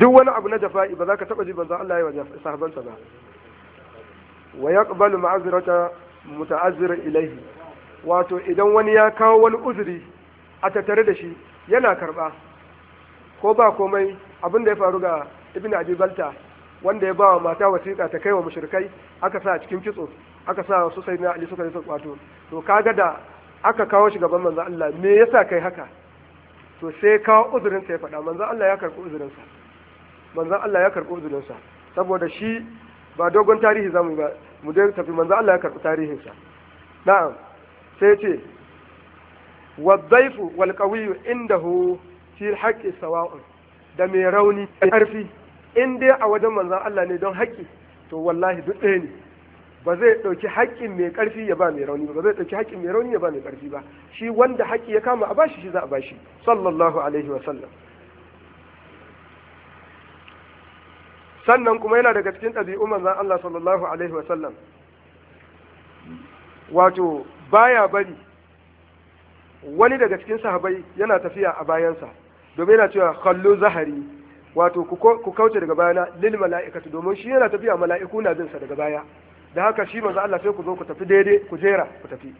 duk wani abu na jafa'i ba za ka taba ji banzan Allah ya wa sahabanta ba wa yaqbalu ma'azirata muta'azirar ilaihi wato idan wani ya kawo wani uzuri a tattare da shi yana karɓa. ko ba komai abin da ya faru ga ibn abi balta wanda ya ba wa mata wasiƙa ta kai wa mushrikai aka sa a cikin kitso aka sa su sai na ali suka yi kwato to kaga da aka kawo shi gaban manzan Allah me yasa kai haka to sai kawo uzurin sa ya faɗa manzo Allah ya karɓi uzurin sa manzan Allah ya karɓi uzurinsa saboda shi ba dogon tarihi zamu ba mu dai tafi manzan Allah ya karɓi tarihinsa na'am sai ce wadzaifu wal qawiyyu indahu fi haqqi sawa'un da mai rauni ƙarfi in dai a wajen manzan Allah ne don haƙƙi to wallahi duk ɗaya ne ba zai ɗauki haƙƙin mai ƙarfi ya ba mai rauni ba ba zai ɗauki haƙƙin mai rauni ya ba mai ƙarfi ba shi wanda haƙƙi ya kama a bashi shi za a bashi sallallahu alaihi wa sallam sannan kuma yana daga cikin ɗabi'un manzan Allah sallallahu alaihi wasallam wato baya bari wani daga cikin sahabai yana tafiya a bayansa domin yana cewa kallo zahari wato ku kauce daga bayana lil mala'ikatu domin shi yana tafiya mala'iku na binsa daga baya da haka shi manzo Allah sai ku zo ku tafi daidai ku jera ku tafi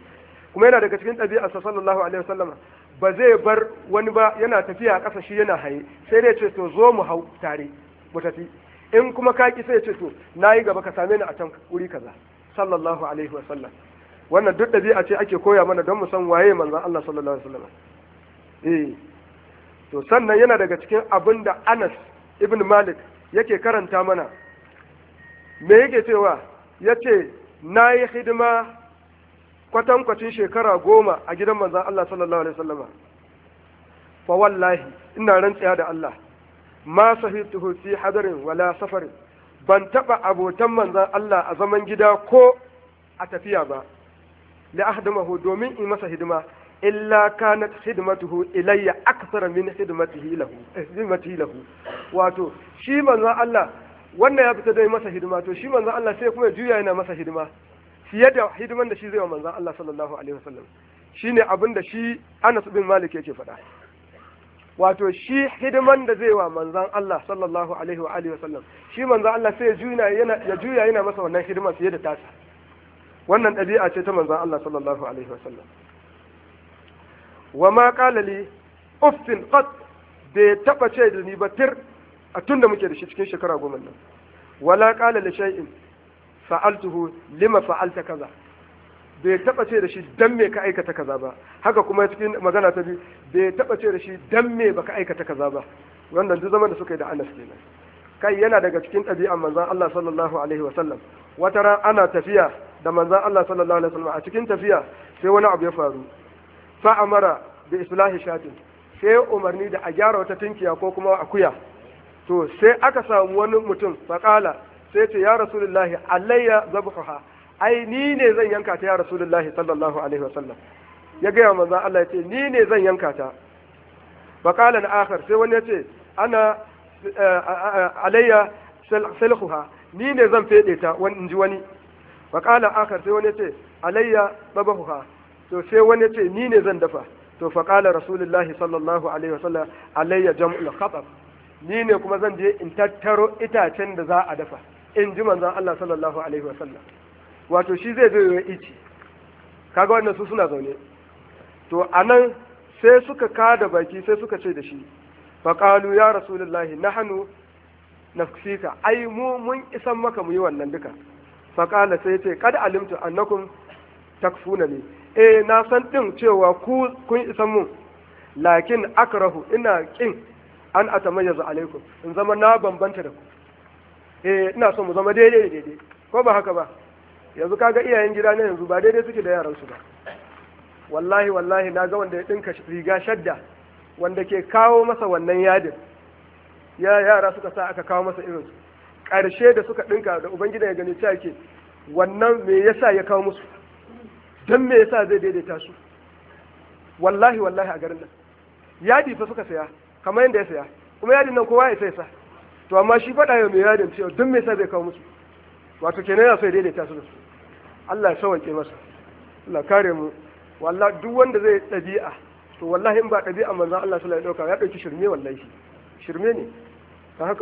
kuma yana daga cikin ɗabi'arsa sallallahu alaihi wasallam ba zai bar wani ba yana tafiya a ƙasa shi yana haye sai dai ce to zo mu hau tare mu tafi in kuma ka ki sai ya ce to yi gaba ka same ni a can wuri kaza sallallahu alaihi wa sallam wannan duk dabi'a ce ake koya mana don mu san waye manzon Allah sallallahu alaihi wa sallam eh to sannan yana daga cikin abin da Anas ibn Malik yake karanta mana me yake cewa yace yi hidima kwatankwacin shekara goma a gidan manzon Allah sallallahu alaihi wa sallama fa wallahi ina rantsiya da Allah ma sahituhu fi hadarin wala safarin ban taɓa abotan manzan Allah a zaman gida ko a tafiya ba la ahdamahu domin in masa hidima illa kanat hidmatuhu ilayya aksara min hidmatihi lahu eh, hidmatihi lahu wato shi manzan Allah wannan ya fita dai masa hidima to shi manzan Allah sai kuma ya juya yana masa hidima fiye da hidiman da shi zai wa manzan Allah sallallahu alaihi wasallam shine abin da shi Anas bin Malik yake faɗa wato shi hidiman da zai wa manzan Allah sallallahu alaihi wa alihi wasallam shi manzan Allah sai ya juya yana masa wannan hidiman fiye da tasa wannan ɗabi'a ce ta manzan Allah sallallahu alaihi wasallam wa ma kalali uffin qat bai taɓa ce da ni ba tir a tun da muke da shi cikin shekara goma nan wala kalali li shay'in fa'altuhu lima fa'alta kaza bai taba ce da shi dan me ka aikata kaza ba haka kuma cikin magana ta bi bai taba ce da shi dan me baka aikata kaza ba wannan duk zaman da suka yi da Anas kenan kai yana daga cikin ɗabi'an manzon Allah sallallahu alaihi wa sallam wata ran ana tafiya da manzon Allah sallallahu alaihi wa sallam a cikin tafiya sai wani abu ya faru fa amara bi islahi shatin sai umarni da a gyara wata tinkiya ko kuma akuya to sai aka samu wani mutum faqala sai ce ya rasulullahi alayya zabuha ai ni ne zan yanka ta ya rasulullahi sallallahu alaihi wasallam ya gaya manzo Allah ya ce ni ne zan yanka ta na akhar sai wani ya ce ana eh, eh, eh, alayya salkhuha ni ne zan fede ta wani inji wani baqalan akhar sai wani ya ce alayya babahuha to sai wani ya ce ni ne zan dafa to faqala rasulullahi sallallahu alaihi wasallam alayya jam'ul khatab ni ne kuma zan je in tattaro itacen da za a dafa in ji manzon Allah sallallahu alaihi wasallam wato shi zai zo ya ici kaga wannan su suna zaune to anan sai suka kada baki sai suka ce da shi Faƙalu ya rasulullahi na fusika ai mu mun isan maka mu yi wannan duka faƙala sai ce kad alimtu annakum takfuna ne eh na san ɗin cewa ku kun isan mu lakin akrahu ina kin an atamayyaza alaikum in zama na bambanta da ku eh ina son mu zama daidai daidai ko ba haka ba yanzu kaga iyayen gida na yanzu ba daidai suke da yaransu ba wallahi wallahi na ga wanda ya dinka riga shadda wanda ke kawo masa wannan yadin ya yara suka sa aka kawo masa irin su. ƙarshe da suka dinka da ubangida ya gani cewa ke wannan me yasa ya kawo musu don me yasa zai daidaita su wallahi wallahi a garin nan yadi fa suka saya kamar yadda ya saya kuma yadin nan kowa ya sai sa to amma shi faɗa ya me yadin cewa don me yasa zai kawo musu wato kenan ya sai ya daidaita su da su Allah ya sawance masa Allah kare mu wallahi duk wanda zai ɗabi'a to wallahi in ba ɗabi'a manzon Allah sallallahu alaihi wasallam ya dauka ya dauki shirme wallahi shirme ne